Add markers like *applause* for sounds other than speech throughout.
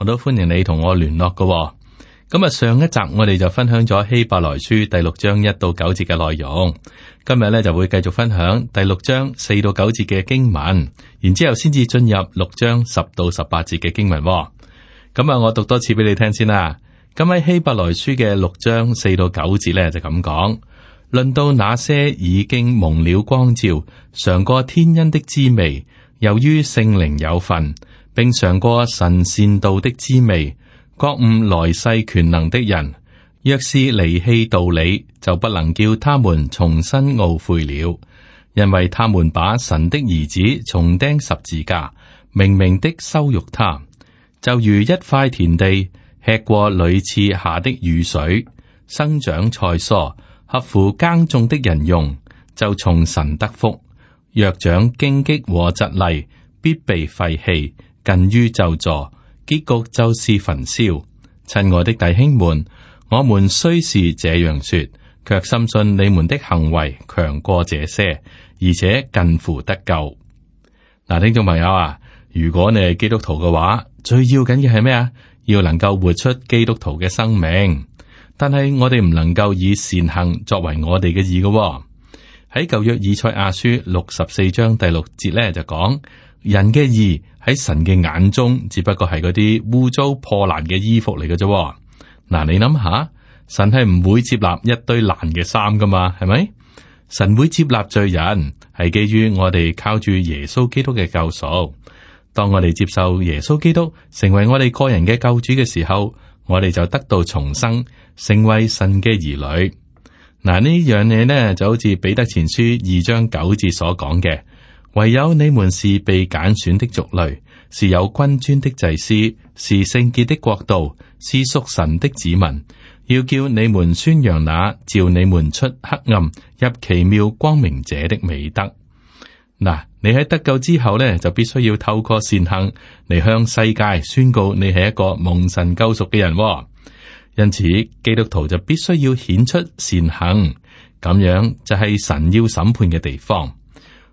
我都歡迎你同我聯絡嘅喎。咁啊，上一集我哋就分享咗希伯來書第六章一到九節嘅內容，今日呢就會繼續分享第六章四到九節嘅經文，然之後先至進入六章十到十八節嘅經文喎。咁啊，我讀多次俾你聽先啦。咁喺希伯來書嘅六章四到九節呢，就咁講，論到那些已經蒙了光照、嘗過天恩的滋味，由於聖靈有份。並嘗過神善道的滋味，覺悟來世權能的人，若是離棄道理，就不能叫他們重新懊悔了。因為他們把神的兒子重釘十字架，明明的羞辱他，就如一塊田地，吃過屢次下的雨水，生長菜蔬，合乎耕種的人用，就從神得福；若長荊棘和蒺藜，必被廢棄。近於咒詛，結局就是焚燒。親愛的弟兄們，我們雖是這樣說，却深信你們的行為強過這些，而且近乎得救。嗱、啊，聽眾朋友啊，如果你係基督徒嘅話，最要緊嘅係咩啊？要能夠活出基督徒嘅生命。但係我哋唔能夠以善行作為我哋嘅義嘅、哦。喺舊約以賽亞書六十四章第六節咧就講。人嘅義喺神嘅眼中，只不過係嗰啲污糟破爛嘅衣服嚟嘅啫。嗱、啊，你諗下，神係唔會接納一堆爛嘅衫噶嘛，係咪？神會接納罪人，係基於我哋靠住耶穌基督嘅救贖。當我哋接受耶穌基督成為我哋個人嘅救主嘅時候，我哋就得到重生，成為神嘅兒女。嗱、啊，樣呢樣嘢咧，就好似彼得前書二章九節所講嘅。唯有你們是被揀選的族類，是有君尊的祭司，是聖潔的國度，是屬神的子民。要叫你們宣揚那召你們出黑暗入奇妙光明者的美德。嗱，你喺得救之後咧，就必須要透過善行嚟向世界宣告你係一個蒙神救贖嘅人。因此，基督徒就必須要顯出善行，咁樣就係神要審判嘅地方。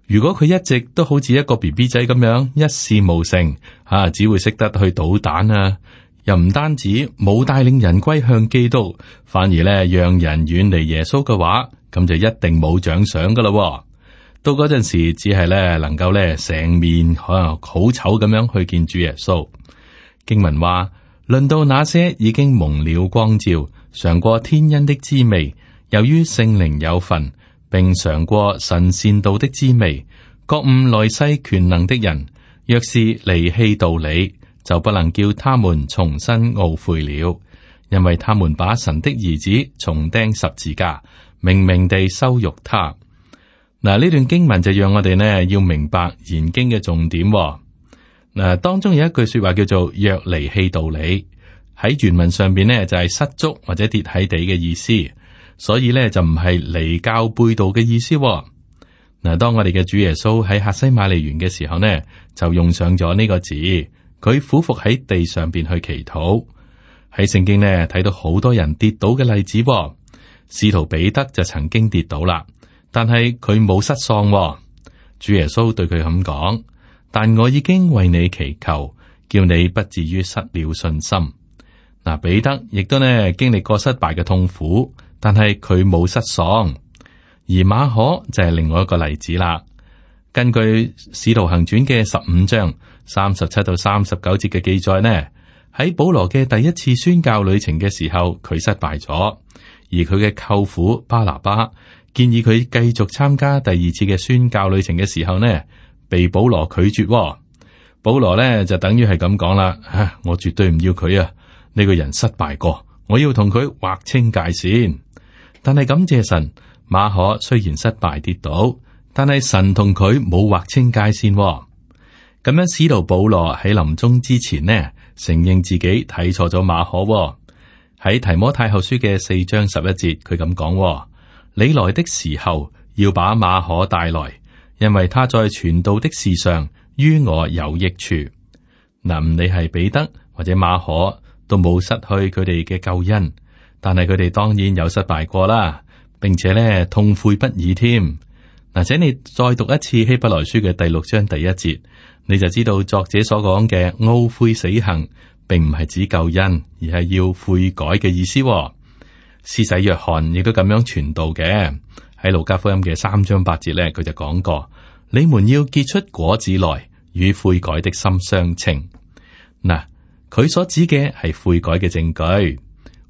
如果佢一直都好似一個 B B 仔咁樣一事無成，吓只會識得去搗蛋啊，又唔單止冇帶領人歸向基督，反而咧讓人遠離耶穌嘅話，咁就一定冇獎賞噶咯，到嗰陣時，只係咧能夠咧成面啊好醜咁樣去見主耶穌。經文話，論到那些已經蒙了光照，嘗過天恩的滋味，由於聖靈有份。並嘗過神善道的滋味，覺悟內世權能的人，若是離棄道理，就不能叫他們重新懊悔了，因為他們把神的兒子重釘十字架，明明地羞辱他。嗱，呢段經文就讓我哋呢要明白研經嘅重點。嗱，當中有一句說話叫做若離棄道理，喺原文上邊呢就係失足或者跌喺地嘅意思。所以咧就唔係離教背道嘅意思，哦。嗱，當我哋嘅主耶穌喺客西馬尼園嘅時候呢，就用上咗呢個字。佢俯伏喺地上邊去祈禱。喺聖經呢睇到好多人跌倒嘅例子，哦。使徒彼得就曾經跌倒啦，但係佢冇失喪，哦。主耶穌對佢咁講：但我已經為你祈求，叫你不至於失了信心。嗱，啊，彼得亦都呢經歷過失敗嘅痛苦。但係佢冇失爽，而馬可就係另外一個例子啦。根據《使徒行傳》嘅十五章三十七到三十九節嘅記載呢，喺保羅嘅第一次宣教旅程嘅時候佢失敗咗，而佢嘅舅父巴拿巴建議佢繼續參加第二次嘅宣教旅程嘅時候呢，被保羅拒絕、哦。保羅呢就等於係咁講啦，我絕對唔要佢啊！呢個人失敗過，我要同佢劃清界線。但係感謝神，馬可雖然失敗跌倒，但係神同佢冇劃清界線，哦。咁樣，使徒保羅喺臨終之前呢，承認自己睇錯咗馬可，哦。喺提摩太後書嘅四章十一節，佢咁講：你來的時候要把馬可帶來，因為他在傳道的事上於我有益處。嗱，你係彼得或者馬可，都冇失去佢哋嘅救恩。但係佢哋當然有失敗過啦，並且呢痛悔不已添。嗱，請你再讀一次希伯來書嘅第六章第一節，你就知道作者所講嘅懊悔死行，並唔係指救恩，而係要悔改嘅意思。施洗約翰亦都咁樣傳道嘅，喺路加福音嘅三章八節呢，佢就講過：你們要結出果子來，與悔改的心相稱。嗱，佢所指嘅係悔改嘅證據。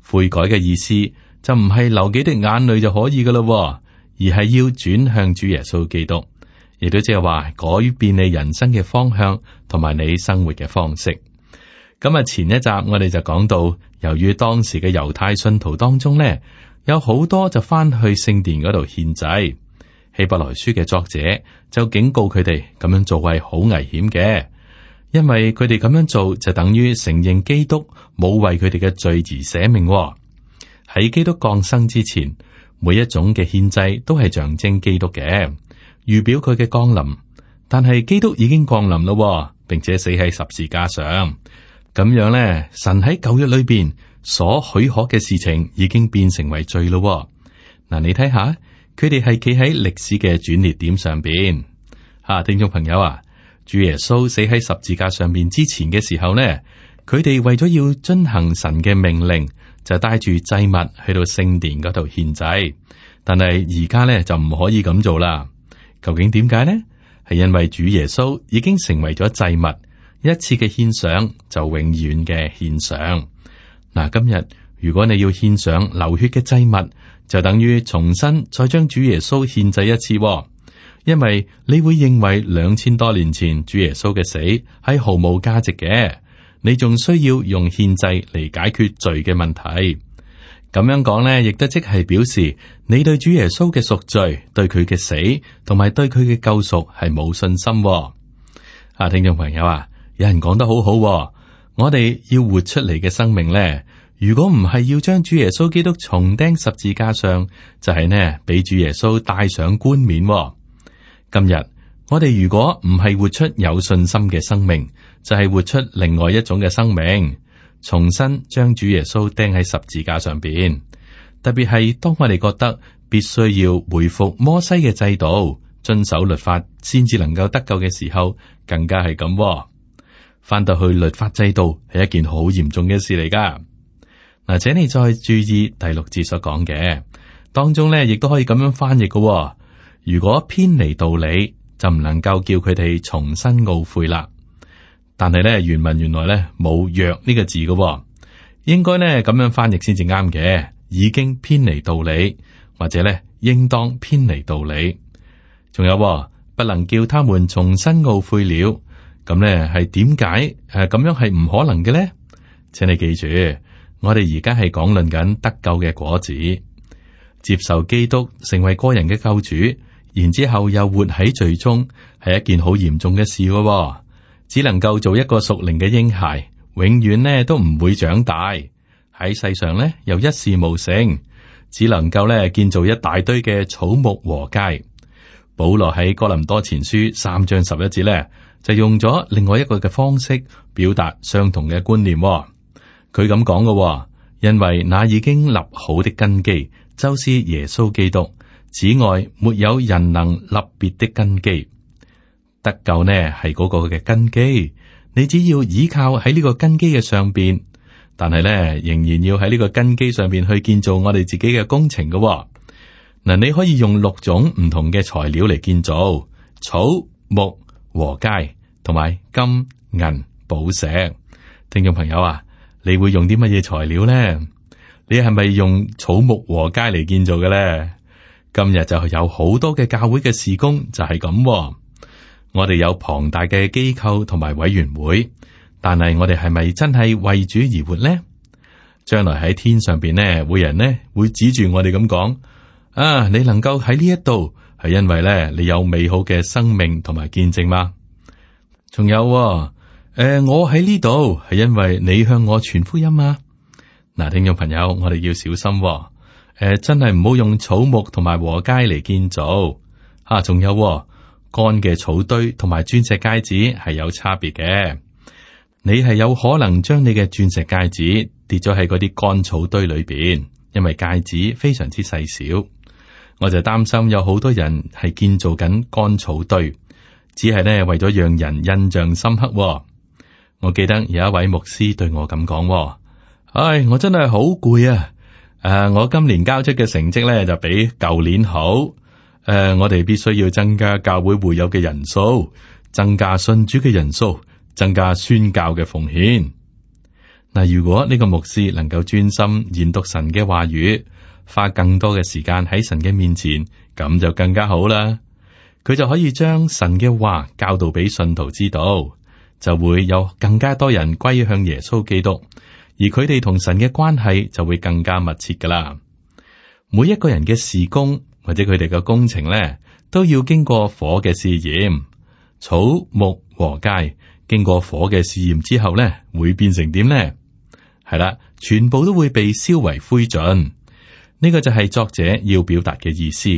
悔改嘅意思就唔係流幾滴眼淚就可以嘅啦，而係要轉向主耶穌基督，亦都即係話改變你人生嘅方向同埋你生活嘅方式。咁啊前一集我哋就講到，由於當時嘅猶太信徒當中咧，有好多就翻去聖殿嗰度獻祭，希伯來書嘅作者就警告佢哋咁樣做係好危險嘅。因為佢哋咁樣做就等於承認基督冇為佢哋嘅罪而捨命喎。喺基督降生之前，每一種嘅獻祭都係象徵基督嘅，預表佢嘅降臨。但係基督已經降臨咯喎，並且死喺十字架上。咁樣咧，神喺舊約裏邊所許可嘅事情已經變成為罪咯喎。嗱，啊，你睇下，佢哋係企喺歷史嘅轉捩點上邊。吓，啊，聽眾朋友啊！主耶穌死喺十字架上面之前嘅時候呢，佢哋為咗要遵行神嘅命令，就帶住祭物去到聖殿嗰度獻祭。但係而家呢就唔可以咁做啦。究竟點解呢？係因為主耶穌已經成為咗祭物，一次嘅獻上就永遠嘅獻上。嗱，今日如果你要獻上流血嘅祭物，就等於重新再將主耶穌獻祭一次。因為你會認為兩千多年前主耶穌嘅死係毫無價值嘅，你仲需要用獻祭嚟解決罪嘅問題。咁樣講呢，亦都即係表示你對主耶穌嘅贖罪、對佢嘅死同埋對佢嘅救贖係冇信心。啊，聽眾朋友啊，有人講得好好啊，，我哋要活出嚟嘅生命呢，如果唔係要將主耶穌基督重釘十字架上，就係、是、呢俾主耶穌帶上冠冕。今日我哋如果唔係活出有信心嘅生命，就係活出另外一種嘅生命，重新將主耶穌釘喺十字架上邊。特別係當我哋覺得必須要回復摩西嘅制度，遵守律法先至能夠得救嘅時候，更加係咁，哦。翻到去律法制度係一件好嚴重嘅事嚟噶。嗱，請你再注意第六節所講嘅當中咧，亦都可以咁樣翻譯嘅，哦。如果偏離道理，就唔能夠叫佢哋重新懊悔啦。但係咧，原文原來咧冇弱呢個字嘅，應該咧咁樣翻譯先至啱嘅。已經偏離道理，或者咧應當偏離道理。仲有，不能叫他們重新懊悔了。咁咧係點解？誒，咁樣係唔可能嘅咧？請你記住，我哋而家係講論緊得救嘅果子，接受基督成為個人嘅救主。然之後又活喺最終係一件好嚴重嘅事的、哦，只能夠做一個屬靈嘅嬰孩，永遠呢都唔會長大。喺世上呢，又一事無成，只能夠呢建造一大堆嘅草木和街。保羅喺哥林多前書三章十一節呢，就用咗另外一個嘅方式表達相同嘅觀念、哦，佢咁講嘅，因為那已經立好的根基就是耶穌基督。此外，沒有人能立別的根基得救呢，係嗰個嘅根基。你只要依靠喺呢個根基嘅上邊，但係咧仍然要喺呢個根基上邊去建造我哋自己嘅工程㗎喎。嗱，你可以用六種唔同嘅材料嚟建造草木和街同埋金銀寶石。聽眾朋友啊，你會用啲乜嘢材料咧？你係咪用草木和街嚟建造嘅咧？今日就有好多嘅教會嘅事工就係咁、哦，我哋有龐大嘅機構同埋委員會，但係我哋係咪真係為主而活呢？將來喺天上邊呢，會人呢會指住我哋咁講啊！你能夠喺呢一度係因為咧你有美好嘅生命同埋見證嗎？仲有誒、哦呃，我喺呢度係因為你向我傳福音啊！嗱，聽眾朋友，我哋要小心、哦。誒，真係唔好用草木同埋禾稭嚟建造吓，仲、啊、有乾、哦、嘅草堆同埋鑽石戒指係有差別嘅。你係有可能將你嘅鑽石戒指跌咗喺嗰啲乾草堆裏邊，因為戒指非常之細小。我就擔心有好多人係建造緊乾草堆，只係呢為咗讓人印象深刻、哦。我記得有一位牧師對我咁講、哦：唉、哎，我真係好攰啊！誒、啊，我今年交出嘅成績咧就比舊年好。誒、啊，我哋必須要增加教會會友嘅人數，增加信主嘅人數，增加宣教嘅奉獻。嗱、啊，如果呢個牧師能夠專心研讀神嘅話語，花更多嘅時間喺神嘅面前，咁就更加好啦。佢就可以將神嘅話教導俾信徒知道，就會有更加多人歸向耶穌基督。而佢哋同神嘅關係就會更加密切噶啦。每一個人嘅事工或者佢哋嘅工程咧，都要經過火嘅試驗。草木禾稭經過火嘅試驗之後咧，會變成點咧？係啦，全部都會被燒為灰燼。呢個就係作者要表達嘅意思。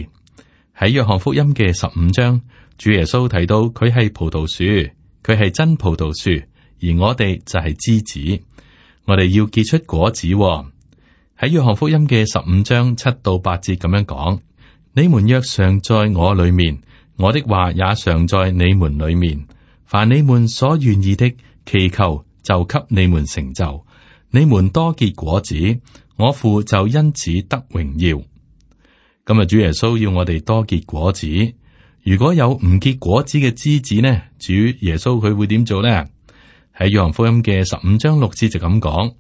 喺約翰福音嘅十五章，主耶穌提到佢係葡萄樹，佢係真葡萄樹，而我哋就係枝子。我哋要結出果子喎、哦，喺約翰福音嘅十五章七到八節咁樣講：你們若常在我裏面，我的話也常在你們裏面。凡你們所願意的，祈求就給你們成就。你們多結果子，我父就因此得榮耀。今日主耶穌要我哋多結果子，如果有唔結果子嘅枝子呢，主耶穌佢會點做呢？喺《約翰福音》嘅十五章六節就咁講：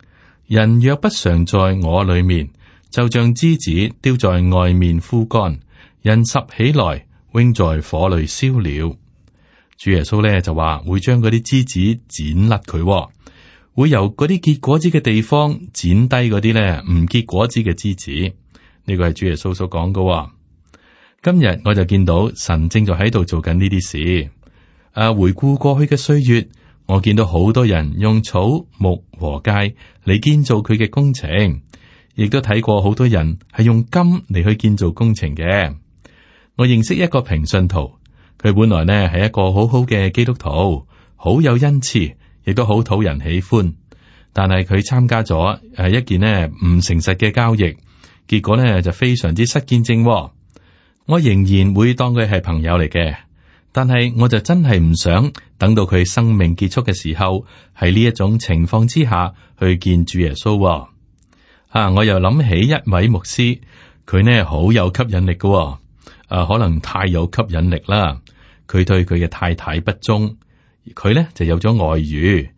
人若不常在我裏面，就像枝子丟在外面枯乾，人拾起來，扔在火裏燒了。主耶穌咧就話會將嗰啲枝子剪甩佢，會由嗰啲結果子嘅地方剪低嗰啲咧唔結果子嘅枝子。呢個係主耶穌所講嘅。今日我就見到神正在喺度做緊呢啲事。誒，回顧過去嘅歲月。我見到好多人用草木禾稭嚟建造佢嘅工程，亦都睇過好多人係用金嚟去建造工程嘅。我認識一個平信徒，佢本來呢係一個好好嘅基督徒，好有恩賜，亦都好討人喜歡。但係佢參加咗誒一件咧唔誠實嘅交易，結果呢就非常之失見證喎。我仍然會當佢係朋友嚟嘅。但係我就真係唔想等到佢生命結束嘅時候，喺呢一種情況之下去見主耶穌喎。啊，我又諗起一位牧師，佢呢好有吸引力嘅喎，誒、啊，可能太有吸引力啦。佢對佢嘅太太不忠，佢呢就有咗外遇，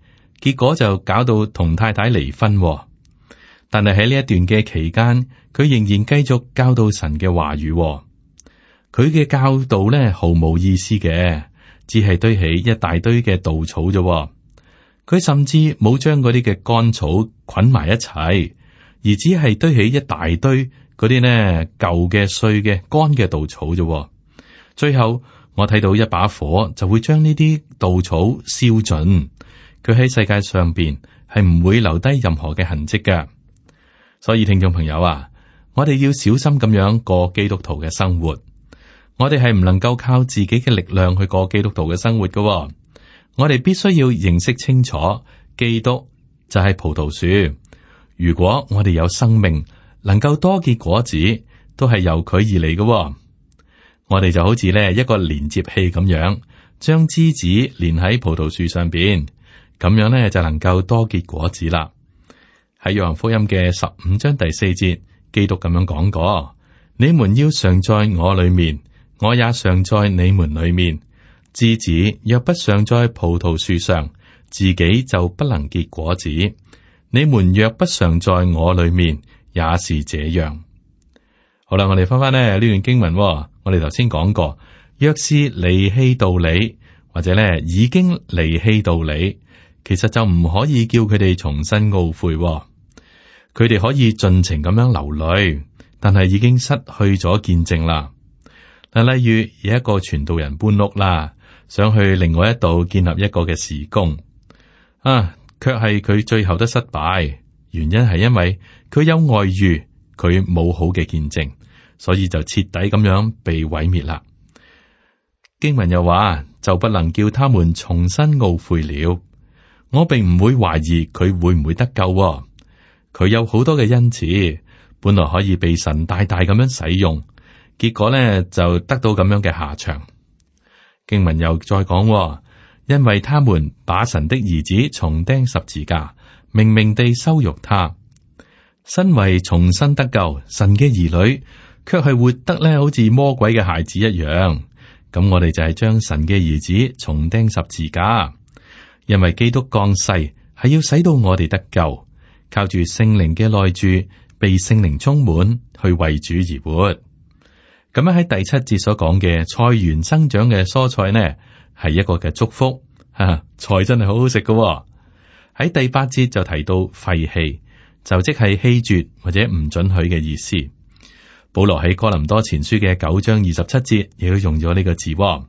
結果就搞到同太太離婚喎。但係喺呢一段嘅期間，佢仍然繼續教導神嘅話語喎。佢嘅教導咧，毫無意思嘅，只係堆起一大堆嘅稻草啫。佢甚至冇將嗰啲嘅乾草捆埋一齊，而只係堆起一大堆嗰啲呢舊嘅碎嘅乾嘅稻草啫。最後我睇到一把火就會將呢啲稻草燒盡，佢喺世界上邊係唔會留低任何嘅痕跡嘅。所以聽眾朋友啊，我哋要小心咁樣過基督徒嘅生活。我哋係唔能夠靠自己嘅力量去過基督徒嘅生活噶、哦。我哋必須要認識清楚，基督就係葡萄樹。如果我哋有生命，能夠多結果子，都係由佢而嚟噶、哦。我哋就好似咧一個連接器咁樣，將枝子連喺葡萄樹上邊，咁樣咧就能夠多結果子啦。喺約翰福音嘅十五章第四節，基督咁樣講過：你們要常在我裏面。我也常在你們裏面，枝子若不常在葡萄樹上，自己就不能結果子。你們若不常在我裏面，也是這樣。好啦，我哋翻翻呢呢段經文、哦。我哋頭先講過，若是離棄道理，或者呢已經離棄道理，其實就唔可以叫佢哋重新懊悔、哦。佢哋可以盡情咁樣流淚，但係已經失去咗見證啦。嗱，例如有一個傳道人搬屋啦，想去另外一度建立一個嘅事工，啊，卻係佢最後都失敗，原因係因為佢有外遇，佢冇好嘅見證，所以就徹底咁樣被毀滅啦。經文又話，就不能叫他們重新懊悔了。我並唔會懷疑佢會唔會得救，啊，佢有好多嘅恩賜，本來可以被神大大咁樣使用。結果呢，就得到咁樣嘅下場。經文又再講、哦，因為他們把神的兒子重釘十字架，明明地羞辱他。身為重生得救神嘅兒女，卻係活得呢好似魔鬼嘅孩子一樣。咁我哋就係將神嘅兒子重釘十字架，因為基督降世係要使到我哋得救，靠住聖靈嘅內住，被聖靈充滿去為主而活。咁喺第七節所講嘅菜園生長嘅蔬菜呢，係一個嘅祝福，吓菜真係好好食噶。喺第八節就提到廢棄，就即係棄絕或者唔准許嘅意思。保羅喺哥林多前書嘅九章二十七節，亦都用咗呢個字、哦。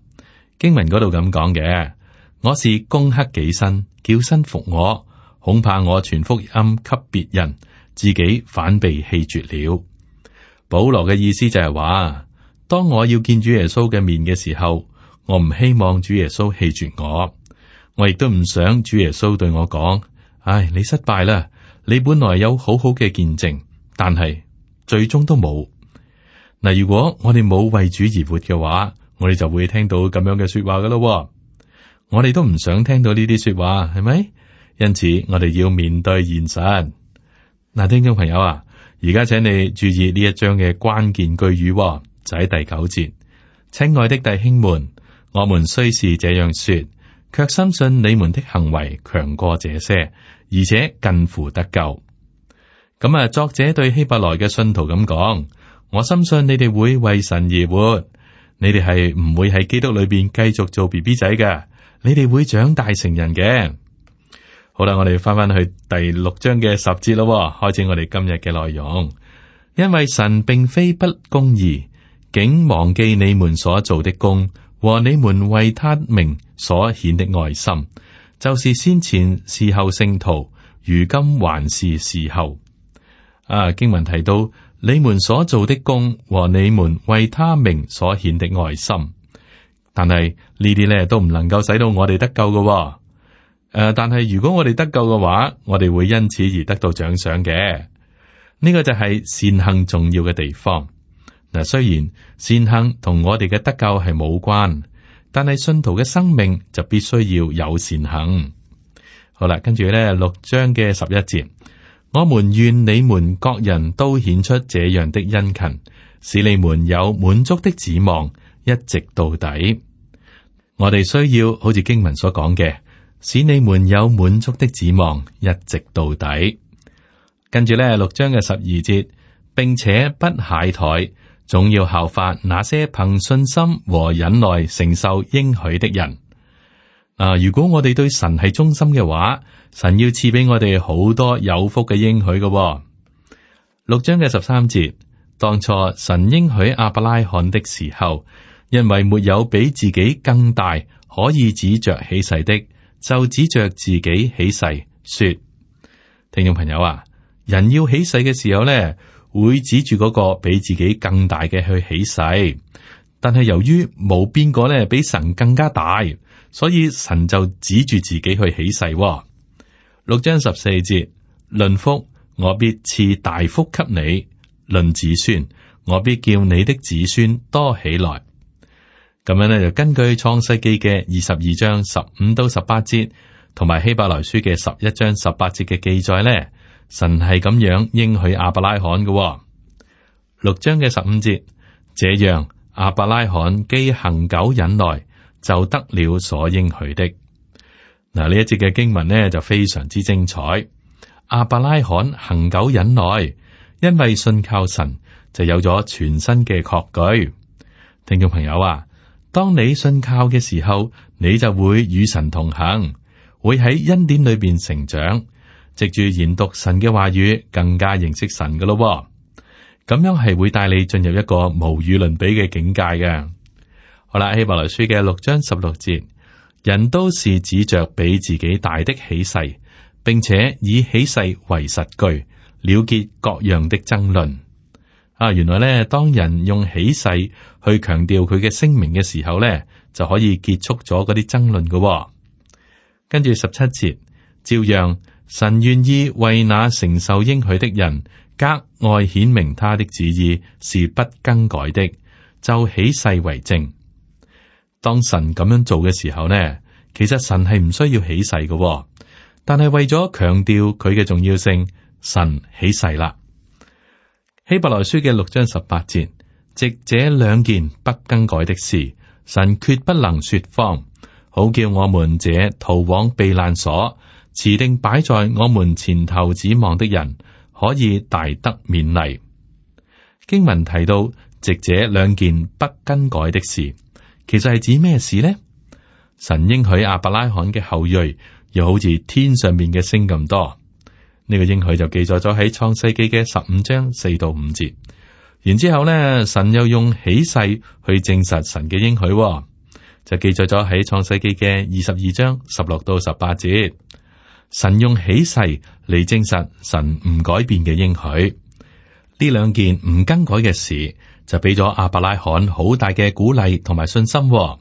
經文嗰度咁講嘅，我是攻克己身，叫身服我，恐怕我傳福音給別人，自己反被棄絕了。保羅嘅意思就係話。當我要見主耶穌嘅面嘅時候，我唔希望主耶穌棄絕我，我亦都唔想主耶穌對我講：唉，你失敗啦，你本來有好好嘅見證，但係最終都冇嗱。如果我哋冇為主而活嘅話，我哋就會聽到咁樣嘅說話噶啦。我哋都唔想聽到呢啲說話，係咪？因此我哋要面對現實嗱。聽眾朋友啊，而家請你注意呢一章嘅關鍵句語。就在第九節，親愛的弟兄們，我們雖是這樣說，卻深信你們的行為強過這些，而且近乎得救。咁啊、嗯，作者對希伯來嘅信徒咁講，我相信你哋會為神而活，你哋係唔會喺基督裏邊繼續做 B B 仔嘅，你哋會長大成人嘅。好啦，我哋翻翻去第六章嘅十節咯，開始我哋今日嘅內容，因為神並非不公義，竟忘記你們所做的工和你們為他名所顯的愛心，就是先前伺候聖徒，如今還是伺候。啊，經文提到你們所做的工和你們為他名所顯的愛心，但係呢啲咧都唔能夠使到我哋得救嘅，哦。誒、啊，但係如果我哋得救嘅話，我哋會因此而得到獎賞嘅。呢、這個就係善行重要嘅地方。嗱，雖然善行同我哋嘅得救係冇關，但係信徒嘅生命就必須要有善行。好啦，跟住咧六章嘅十一節，我們願你們各人都顯出這樣的殷勤，使你們有滿足的指望，一直到底。我哋需要好似經文所講嘅，使你們有滿足的指望，一直到底。跟住咧六章嘅十二節，並且不懈怠，總要效法那些憑信心和忍耐承受應許的人。啊、呃，如果我哋對神係忠心嘅話，神要賜俾我哋好多有福嘅應許嘅。六章嘅十三節，當初神應許阿伯拉罕的時候，因為沒有比自己更大可以指着起誓的，就指着自己起誓說：聽眾朋友啊，人要起誓嘅時候呢。會指住嗰個比自己更大嘅去起誓，但係由於冇邊個咧比神更加大，所以神就指住自己去起誓、哦。六章十四節論福，我必賜大福給你；論子孫，我必叫你的子孫多起來。咁樣咧就根據創世記嘅二十二章十五到十八節，同埋希伯來書嘅十一章十八節嘅記載咧。神係咁樣應許亞伯拉罕嘅、哦，六章嘅十五節，這樣亞伯拉罕既恒久忍耐，就得了所應許的。嗱，呢一節嘅經文呢就非常之精彩。亞伯拉罕恒久忍耐，因為信靠神就有咗全新嘅擴舉。聽眾朋友啊，當你信靠嘅時候，你就會與神同行，會喺恩典裏邊成長。藉住研讀神嘅話語，更加認識神㗎咯。咁樣係會帶你進入一個無與倫比嘅境界嘅。好啦，希伯來書嘅六章十六節，人都是指着比自己大的起誓，並且以起誓為實據，了結各樣的爭論。啊，原來咧，當人用起誓去強調佢嘅聲明嘅時候咧，就可以結束咗嗰啲爭論嘅。跟住十七節，照樣。神願意為那承受應許的人格外顯明他的旨意是不更改的，就起誓為證。當神咁樣做嘅時候呢，其實神係唔需要起誓嘅，但係為咗強調佢嘅重要性，神起誓啦。希伯來書嘅六章十八節，藉這兩件不更改的事，神決不能說謊，好叫我們這逃往避難所。持定擺在我們前頭指望的人，可以大得勉勵。經文提到，藉這兩件不更改的事，其實係指咩事呢？神應許亞伯拉罕嘅後裔，又好似天上面嘅星咁多。呢、這個應許就記載咗喺創世紀嘅十五章四到五節。然之後咧，神又用起誓去證實神嘅應許、哦，就記載咗喺創世紀嘅二十二章十六到十八節。神用起誓嚟證實神唔改變嘅應許，呢兩件唔更改嘅事，就俾咗亞伯拉罕好大嘅鼓勵同埋信心、哦。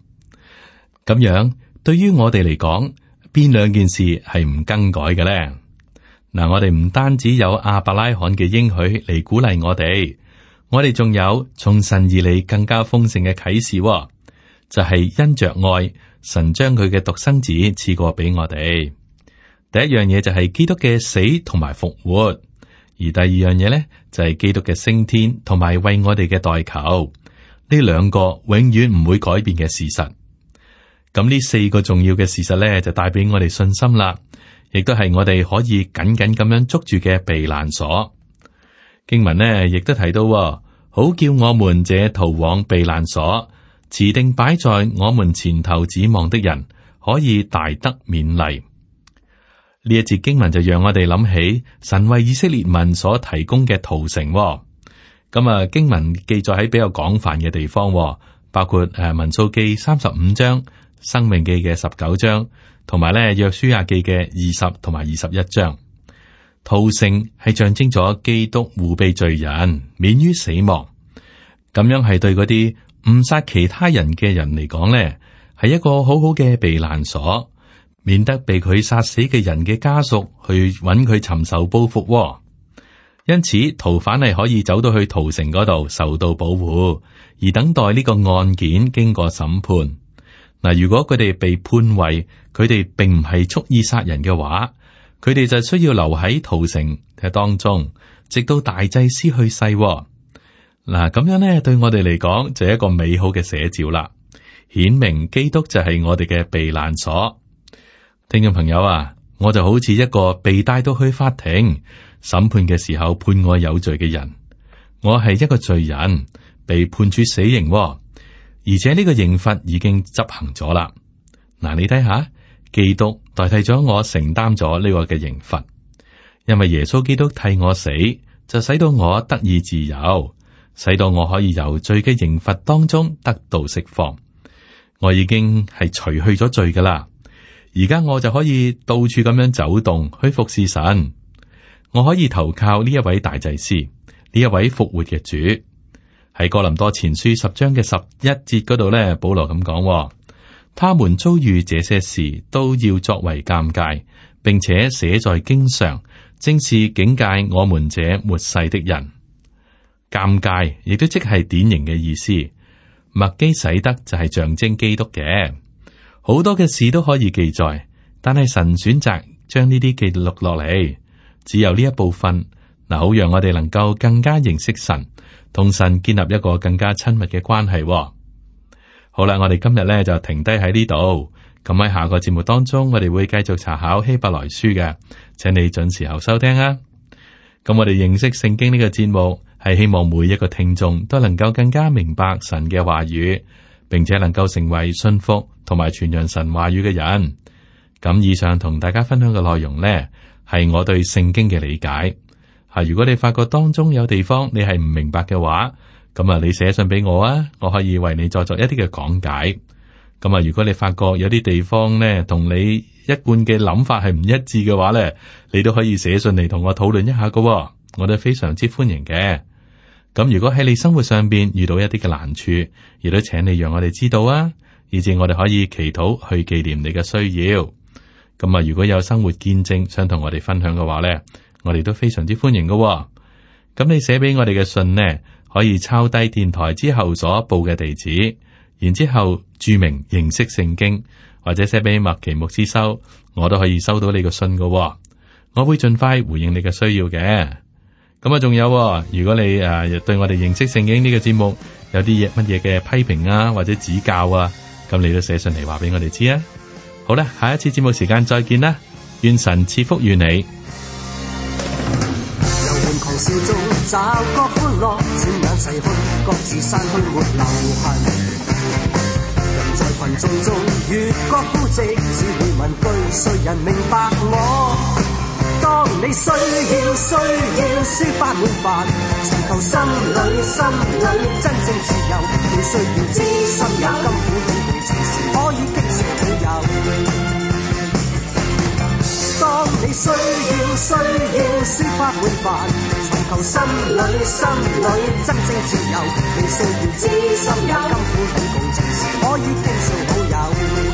咁樣對於我哋嚟講，邊兩件事係唔更改嘅咧？嗱、啊，我哋唔單止有亞伯拉罕嘅應許嚟鼓勵我哋，我哋仲有從神而嚟更加豐盛嘅啟示、哦，就係、是、因着愛神將佢嘅獨生子賜過俾我哋。第一樣嘢就係基督嘅死同埋復活，而第二樣嘢呢，就係基督嘅升天同埋為我哋嘅代求。呢兩個永遠唔會改變嘅事實。咁呢四個重要嘅事實呢，就帶俾我哋信心啦，亦都係我哋可以緊緊咁樣捉住嘅避難所。經文呢，亦都提到，好叫我們這逃往避難所，持定擺在我們前頭指望的人，可以大得勉勵。呢一節經文就讓我哋諗起神為以色列民所提供嘅逃城、哦。咁、嗯、啊，經文記載喺比較廣泛嘅地方、哦，包括誒民數記三十五章、生命記嘅十九章，同埋咧約書亞記嘅二十同埋二十一章。逃城係象徵咗基督護庇罪人免於死亡，咁樣係對嗰啲誤殺其他人嘅人嚟講咧，係一個好好嘅避難所。免得被佢殺死嘅人嘅家屬去揾佢，尋仇報復、哦。因此，逃犯係可以走到去逃城嗰度受到保護，而等待呢個案件經過審判。嗱，如果佢哋被判為佢哋，並唔係蓄意殺人嘅話，佢哋就需要留喺逃城嘅當中，直到大祭司去世、哦。嗱，咁樣咧，對我哋嚟講就係、一個美好嘅寫照啦，顯明基督就係我哋嘅避難所。聽眾朋友啊，我就好似一個被帶到去法庭審判嘅時候，判我有罪嘅人，我係一個罪人，被判處死刑、哦，而且呢個刑罰已經執行咗啦。嗱、啊，你睇下，基督代替咗我承擔咗呢個嘅刑罰，因為耶穌基督替我死，就使到我得以自由，使到我可以由罪嘅刑罰當中得到釋放，我已經係除去咗罪噶啦。而家我就可以到處咁樣走動去服侍神，我可以投靠呢一位大祭司，呢一位復活嘅主。喺哥林多前書十章嘅十一節嗰度咧，保羅咁講：他們遭遇這些事，都要作為鑒戒，並且寫在經上，正是警戒我們這末世的人。鑒戒亦都即係典型嘅意思，麥基洗德就係象徵基督嘅。好多嘅事都可以記載，但係神選擇將呢啲記錄落嚟，只有呢一部分嗱，好讓我哋能夠更加認識神，同神建立一個更加親密嘅關係哦。好啦，我哋今日咧就停低喺呢度。咁喺下個節目當中，我哋會繼續查考希伯來書嘅，請你準時候收聽啊。咁我哋認識聖經呢個節目係希望每一個聽眾都能夠更加明白神嘅話語，並且能夠成為信福。同埋傳揚神話語嘅人，咁以上同大家分享嘅內容呢，係我對聖經嘅理解。係如果你發覺當中有地方你係唔明白嘅話，咁啊，你寫信俾我啊，我可以為你再作作一啲嘅講解。咁啊，如果你發覺有啲地方呢，同你一貫嘅諗法係唔一致嘅話呢，你都可以寫信嚟同我討論一下噶。我都非常之歡迎嘅。咁如果喺你生活上邊遇到一啲嘅難處，亦都請你讓我哋知道啊。以至我哋可以祈禱去紀念你嘅需要。咁啊，如果有生活見證想同我哋分享嘅話咧，我哋都非常之歡迎嘅、哦。咁你寫俾我哋嘅信呢，可以抄低電台之後所報嘅地址，然之後注明認識聖經，或者寫俾麥奇牧師收，我都可以收到你嘅信嘅、哦。我會盡快回應你嘅需要嘅。咁啊，仲有，如果你誒對我哋認識聖經呢個節目有啲嘢乜嘢嘅批評啊，或者指教啊。咁你都寫信嚟話俾我哋知啊！好啦，下一次節目時間再見啦，願神賜福於你。 *music* *music* 當你需要需要抒發滿腹，尋求心裏心裏真正自由，你需要知心友，甘苦與共時可以傾訴好友。當你需要需要抒發滿腹，尋求心裏心裏真正自由，你需要知心友，甘苦與共情，時可以傾訴好友。